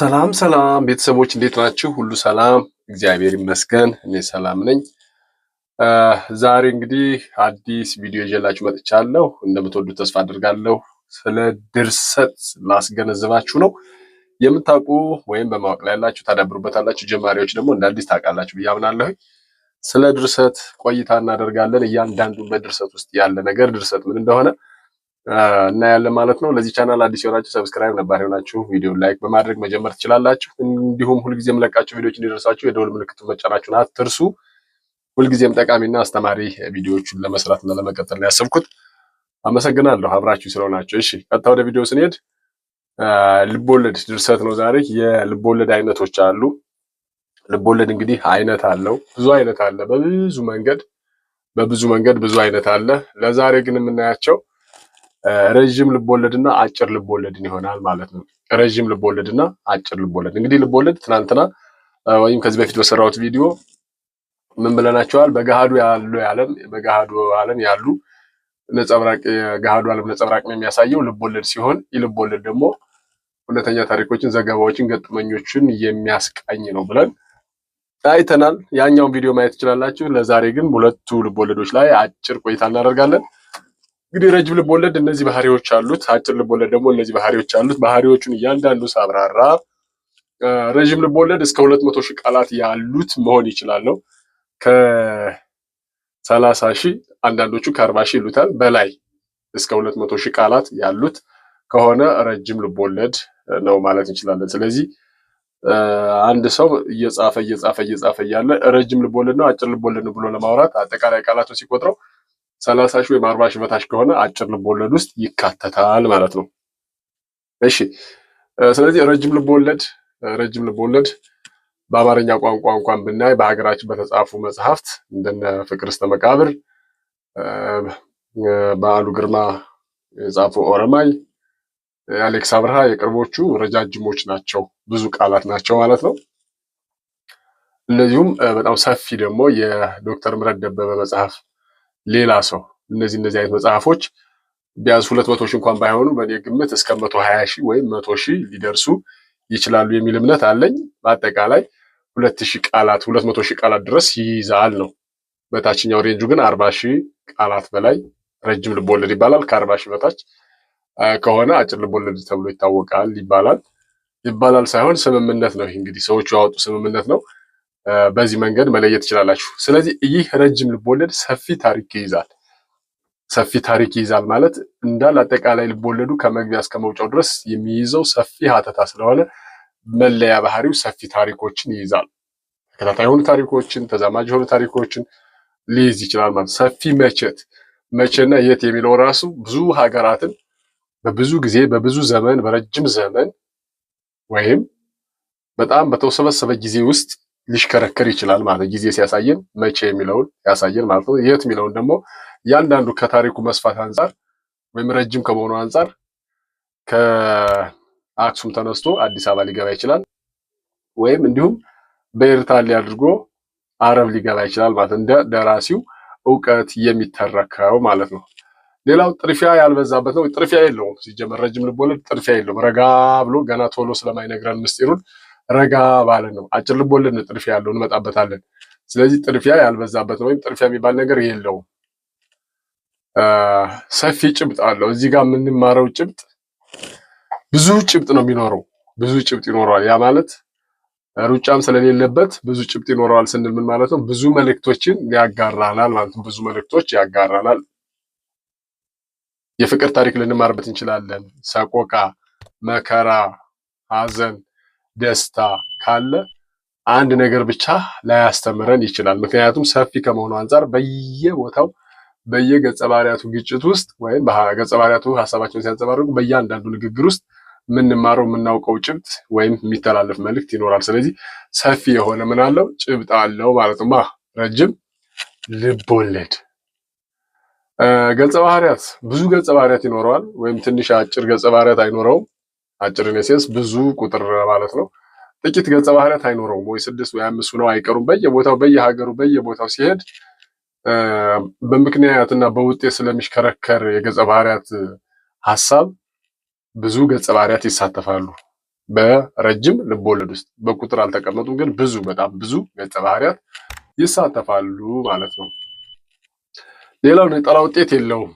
ሰላም ሰላም ቤተሰቦች እንዴት ናችሁ? ሁሉ ሰላም፣ እግዚአብሔር ይመስገን። እኔ ሰላም ነኝ። ዛሬ እንግዲህ አዲስ ቪዲዮ ይዤላችሁ መጥቻለሁ። እንደምትወዱት ተስፋ አድርጋለሁ። ስለ ድርሰት ላስገነዝባችሁ ነው። የምታውቁ ወይም በማወቅ ላይ ያላችሁ ታዳብሩበታላችሁ፣ ጀማሪዎች ደግሞ እንደ አዲስ ታውቃላችሁ ብዬ አምናለሁ። ስለ ድርሰት ቆይታ እናደርጋለን። እያንዳንዱ በድርሰት ውስጥ ያለ ነገር ድርሰት ምን እንደሆነ እናያለን ማለት ነው። ለዚህ ቻናል አዲስ የሆናችሁ ሰብስክራይብ፣ ነባር የሆናችሁ ቪዲዮ ላይክ በማድረግ መጀመር ትችላላችሁ። እንዲሁም ሁልጊዜ የምለቃቸው ቪዲዮዎች እንዲደርሳችሁ የደወል ምልክቱ መጫናችሁን አትርሱ። ሁልጊዜም ጠቃሚና አስተማሪ ቪዲዮዎቹን ለመስራትና ለመቀጠል ነው ያሰብኩት። አመሰግናለሁ አብራችሁ ስለሆናችሁ። እሺ ቀጥታ ወደ ቪዲዮ ስንሄድ ልቦለድ ድርሰት ነው ዛሬ። የልቦለድ አይነቶች አሉ። ልቦወለድ እንግዲህ አይነት አለው፣ ብዙ አይነት አለ፣ በብዙ መንገድ በብዙ መንገድ ብዙ አይነት አለ። ለዛሬ ግን የምናያቸው ረዥም ልቦወለድና አጭር ልቦወለድን ይሆናል ማለት ነው። ረዥም ልቦለድና አጭር ልቦወለድ እንግዲህ ልቦወለድ ትናንትና ወይም ከዚህ በፊት በሰራሁት ቪዲዮ ምን ብለናቸዋል? በገሃዱ ያሉ ያለም በገሃዱ ዓለም ያሉ ነጸብራቅ የገሃዱ ዓለም ነጸብራቅ ነው የሚያሳየው ልቦወለድ ሲሆን ይህ ልቦወለድ ደግሞ እውነተኛ ታሪኮችን፣ ዘገባዎችን፣ ገጥመኞችን የሚያስቃኝ ነው ብለን አይተናል። ያኛውን ቪዲዮ ማየት ትችላላችሁ። ለዛሬ ግን ሁለቱ ልቦወለዶች ላይ አጭር ቆይታ እናደርጋለን። እንግዲህ ረጅም ልቦለድ እነዚህ ባህሪዎች አሉት፣ አጭር ልቦለድ ደግሞ እነዚህ ባህሪዎች አሉት። ባህሪዎቹን እያንዳንዱ ሳብራራ ረዥም ልቦለድ እስከ ሁለት መቶ ሺህ ቃላት ያሉት መሆን ይችላል ነው ከሰላሳ ሺህ አንዳንዶቹ ከአርባ ሺህ ይሉታል በላይ እስከ ሁለት መቶ ሺህ ቃላት ያሉት ከሆነ ረጅም ልቦለድ ነው ማለት እንችላለን። ስለዚህ አንድ ሰው እየጻፈ እየጻፈ እየጻፈ እያለ ረጅም ልቦለድ ነው አጭር ልቦለድ ነው ብሎ ለማውራት አጠቃላይ ቃላቱን ሲቆጥረው ሰላሳ ሺህ ወይም አርባ ሺህ በታች ከሆነ አጭር ልቦወለድ ውስጥ ይካተታል ማለት ነው። እሺ ስለዚህ ረጅም ልቦወለድ ረጅም ልቦወለድ በአማርኛ ቋንቋ እንኳን ብናይ በሀገራችን በተጻፉ መጽሐፍት እንደነ ፍቅር እስከ መቃብር በዓሉ ግርማ የጻፈው ኦረማይ፣ አሌክስ አብርሃ የቅርቦቹ ረጃጅሞች ናቸው። ብዙ ቃላት ናቸው ማለት ነው። እንደዚሁም በጣም ሰፊ ደግሞ የዶክተር ምረት ደበበ መጽሐፍ ሌላ ሰው እነዚህ እነዚህ አይነት መጽሐፎች ቢያንስ ሁለት መቶ ሺህ እንኳን ባይሆኑ በእኔ ግምት እስከ መቶ ሀያ ሺህ ወይም መቶ ሺህ ሊደርሱ ይችላሉ የሚል እምነት አለኝ። በአጠቃላይ ሁለት ሺህ ቃላት ሁለት መቶ ሺህ ቃላት ድረስ ይይዛል ነው። በታችኛው ሬንጁ ግን አርባ ሺህ ቃላት በላይ ረጅም ልቦለድ ይባላል። ከአርባ ሺህ በታች ከሆነ አጭር ልቦለድ ተብሎ ይታወቃል ይባላል። ይባላል ሳይሆን ስምምነት ነው። ይህ እንግዲህ ሰዎቹ ያወጡ ስምምነት ነው። በዚህ መንገድ መለየት ትችላላችሁ። ስለዚህ ይህ ረጅም ልቦለድ ሰፊ ታሪክ ይይዛል። ሰፊ ታሪክ ይይዛል ማለት እንዳል አጠቃላይ ልቦለዱ ከመግቢያ እስከ መውጫው ድረስ የሚይዘው ሰፊ ሀተታ ስለሆነ መለያ ባህሪው ሰፊ ታሪኮችን ይይዛል። ተከታታይ የሆኑ ታሪኮችን፣ ተዛማጅ የሆኑ ታሪኮችን ሊይዝ ይችላል ማለት ሰፊ መቼት መቼና የት የሚለው ራሱ ብዙ ሀገራትን በብዙ ጊዜ በብዙ ዘመን በረጅም ዘመን ወይም በጣም በተወሰበሰበ ጊዜ ውስጥ ሊሽከረከር ይችላል ማለት ነው ጊዜ ሲያሳየን መቼ የሚለውን ያሳየን ማለት ነው። የት የሚለውን ደግሞ እያንዳንዱ ከታሪኩ መስፋት አንጻር ወይም ረጅም ከመሆኑ አንጻር ከአክሱም ተነስቶ አዲስ አበባ ሊገባ ይችላል ወይም እንዲሁም በኤርትራ ሊያድርጎ አድርጎ አረብ ሊገባ ይችላል ማለት እንደ ደራሲው እውቀት የሚተረከው ማለት ነው። ሌላው ጥርፊያ ያልበዛበት ነው። ጥርፊያ የለውም ሲጀመር ረጅም ልቦለድ ጥርፊያ የለውም። ረጋ ብሎ ገና ቶሎ ስለማይነግረን ምስጢሩን ረጋ ባለ ነው። አጭር ልቦለድ ነው ጥድፊያ ያለው እንመጣበታለን። ስለዚህ ጥድፊያ ያልበዛበት ወይም ጥድፊያ የሚባል ነገር የለውም። ሰፊ ጭብጥ አለው። እዚህ ጋር የምንማረው ጭብጥ ብዙ ጭብጥ ነው የሚኖረው፣ ብዙ ጭብጥ ይኖረዋል። ያ ማለት ሩጫም ስለሌለበት ብዙ ጭብጥ ይኖረዋል ስንል ምን ማለት ነው? ብዙ መልእክቶችን ያጋራናል ማለት ብዙ መልእክቶች ያጋራናል። የፍቅር ታሪክ ልንማርበት እንችላለን። ሰቆቃ፣ መከራ፣ ሐዘን ደስታ ካለ አንድ ነገር ብቻ ላያስተምረን ይችላል። ምክንያቱም ሰፊ ከመሆኑ አንጻር በየቦታው በየገጸ ባህሪያቱ ግጭት ውስጥ ወይም በገጸ ባህሪያቱ ሀሳባቸውን ሲያንጸባርቁ በእያንዳንዱ ንግግር ውስጥ የምንማረው የምናውቀው ጭብጥ ወይም የሚተላለፍ መልእክት ይኖራል። ስለዚህ ሰፊ የሆነ ምን አለው ጭብጥ አለው ማለት ነው። ረጅም ልብ ወለድ ገጸ ባህሪያት ብዙ ገጸ ባህሪያት ይኖረዋል፣ ወይም ትንሽ አጭር ገጸ ባህሪያት አይኖረውም። አጭር ኢነሴንስ ብዙ ቁጥር ማለት ነው። ጥቂት ገጸ ባህሪያት አይኖረውም ወይ ስድስት ወይ አምስት ነው አይቀሩም። በየቦታው በየሀገሩ በየቦታው ሲሄድ በምክንያትና በውጤት ስለሚሽከረከር የገጸ ባህሪያት ሀሳብ ብዙ ገጸ ባህሪያት ይሳተፋሉ በረጅም ልቦለድ ውስጥ። በቁጥር አልተቀመጡም፣ ግን ብዙ በጣም ብዙ ገጸ ባህሪያት ይሳተፋሉ ማለት ነው። ሌላው ነጠላ ውጤት የለውም።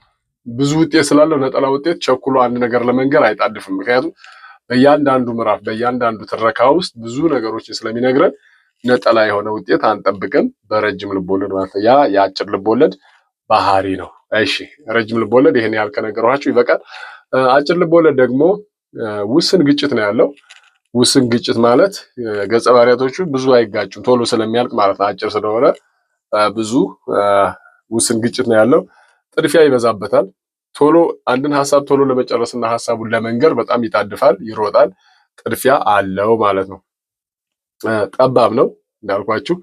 ብዙ ውጤት ስላለው ነጠላ ውጤት ቸኩሎ አንድ ነገር ለመንገር አይጣድፍም። ምክንያቱም በእያንዳንዱ ምዕራፍ በእያንዳንዱ ትረካ ውስጥ ብዙ ነገሮችን ስለሚነግረን ነጠላ የሆነ ውጤት አንጠብቅም በረጅም ልቦለድ ማለት ያ የአጭር ልቦለድ ባህሪ ነው። እሺ ረጅም ልቦለድ ይህን ያህል ከነገርኋችሁ ይበቃል። አጭር ልቦለድ ደግሞ ውስን ግጭት ነው ያለው። ውስን ግጭት ማለት ገጸ ባህሪያቶቹ ብዙ አይጋጩም ቶሎ ስለሚያልቅ ማለት ነው። አጭር ስለሆነ ብዙ ውስን ግጭት ነው ያለው። ጥድፊያ ይበዛበታል። ቶሎ አንድን ሀሳብ ቶሎ ለመጨረስና ሀሳቡን ለመንገር በጣም ይጣድፋል፣ ይሮጣል። ጥድፊያ አለው ማለት ነው። ጠባብ ነው እንዳልኳችሁ፣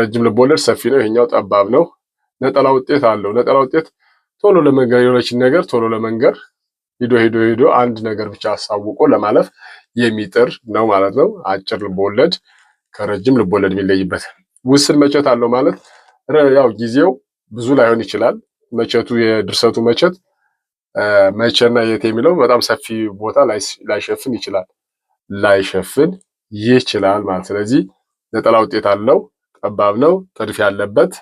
ረጅም ልቦለድ ሰፊ ነው። ይሄኛው ጠባብ ነው። ነጠላ ውጤት አለው። ነጠላ ውጤት ቶሎ ለመንገር የሆነችን ነገር ቶሎ ለመንገር ሂዶ ሂዶ ሂዶ አንድ ነገር ብቻ አሳውቆ ለማለፍ የሚጥር ነው ማለት ነው። አጭር ልቦለድ ከረጅም ልቦለድ የሚለይበት። ውስን መቼት አለው ማለት ያው ጊዜው ብዙ ላይሆን ይችላል። መቼቱ የድርሰቱ መቼት መቼና የት የሚለው በጣም ሰፊ ቦታ ላይሸፍን ይችላል ላይሸፍን ይችላል ማለት ስለዚህ ነጠላ ውጤት አለው ጠባብ ነው ጥድፍ ያለበት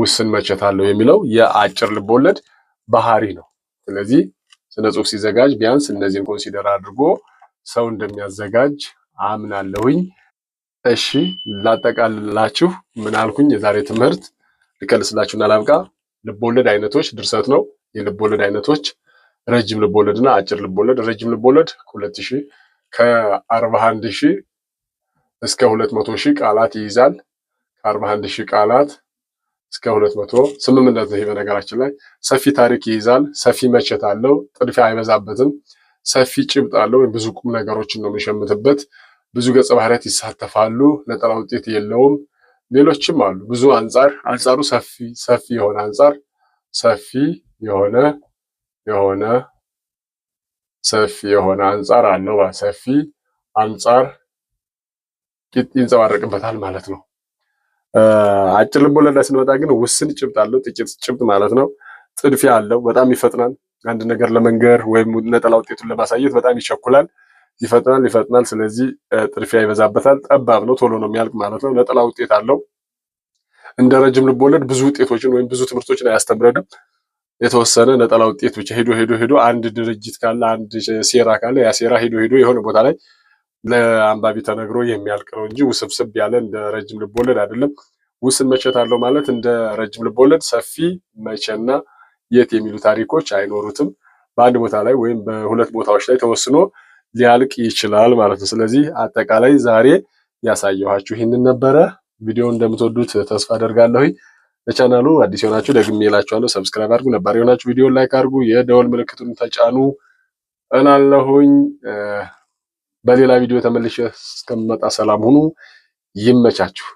ውስን መቼት አለው የሚለው የአጭር ልቦለድ ባህሪ ነው ስለዚህ ስነ ጽሁፍ ሲዘጋጅ ቢያንስ እነዚህን ኮንሲደር አድርጎ ሰው እንደሚያዘጋጅ አምናለሁኝ እሺ ላጠቃልላችሁ ምን አልኩኝ የዛሬ ትምህርት ልቀልስላችሁና ላብቃ ልቦለድ አይነቶች ድርሰት ነው። የልቦለድ አይነቶች ረጅም ልቦለድ እና አጭር ልቦለድ። ረጅም ልቦለድ ሁለት ሺህ ከአርባ አንድ ሺህ እስከ ሁለት መቶ ሺህ ቃላት ይይዛል። ከአርባ አንድ ሺህ ቃላት እስከ ሁለት መቶ ስምምነት ነው። ይሄ በነገራችን ላይ ሰፊ ታሪክ ይይዛል። ሰፊ መቼት አለው። ጥድፊያ አይበዛበትም። ሰፊ ጭብጥ አለው። ብዙ ቁም ነገሮችን ነው የሚሸምትበት። ብዙ ገጸ ባህሪያት ይሳተፋሉ። ነጠላ ውጤት የለውም። ሌሎችም አሉ። ብዙ አንጻር አንጻሩ ሰፊ ሰፊ የሆነ አንጻር ሰፊ የሆነ የሆነ ሰፊ የሆነ አንጻር አለው። ሰፊ አንጻር ይንጸባረቅበታል ማለት ነው። አጭር ልቦለድ ላይ ስንመጣ ግን ውስን ጭብጥ አለው። ጥቂት ጭብጥ ማለት ነው። ጥድፊያ አለው። በጣም ይፈጥናል። አንድ ነገር ለመንገር ወይም ነጠላ ውጤቱን ለማሳየት በጣም ይቸኩላል። ይፈጥናል ይፈጥናል። ስለዚህ ጥድፊያ ይበዛበታል። ጠባብ ነው፣ ቶሎ ነው የሚያልቅ ማለት ነው። ነጠላ ውጤት አለው። እንደ ረጅም ልቦለድ ብዙ ውጤቶችን ወይም ብዙ ትምህርቶችን አያስተምረንም። የተወሰነ ነጠላ ውጤት ብቻ ሄዶ ሄዶ ሄዶ አንድ ድርጅት ካለ አንድ ሴራ ካለ ያ ሴራ ሄዶ ሄዶ የሆነ ቦታ ላይ ለአንባቢ ተነግሮ የሚያልቅ ነው እንጂ ውስብስብ ያለ እንደ ረጅም ልቦለድ አይደለም። ውስን መቼት አለው ማለት እንደ ረጅም ልቦለድ ሰፊ መቼና የት የሚሉ ታሪኮች አይኖሩትም። በአንድ ቦታ ላይ ወይም በሁለት ቦታዎች ላይ ተወስኖ ሊያልቅ ይችላል ማለት ነው። ስለዚህ አጠቃላይ ዛሬ ያሳየኋችሁ ይህንን ነበረ። ቪዲዮ እንደምትወዱት ተስፋ አደርጋለሁ። ለቻናሉ አዲስ የሆናችሁ ደግሜ እላችኋለሁ፣ ሰብስክራይብ አድርጉ። ነባር የሆናችሁ ቪዲዮ ላይክ አድርጉ፣ የደወል ምልክቱን ተጫኑ እላለሁኝ። በሌላ ቪዲዮ ተመልሼ እስከምመጣ ሰላም ሁኑ። ይመቻችሁ።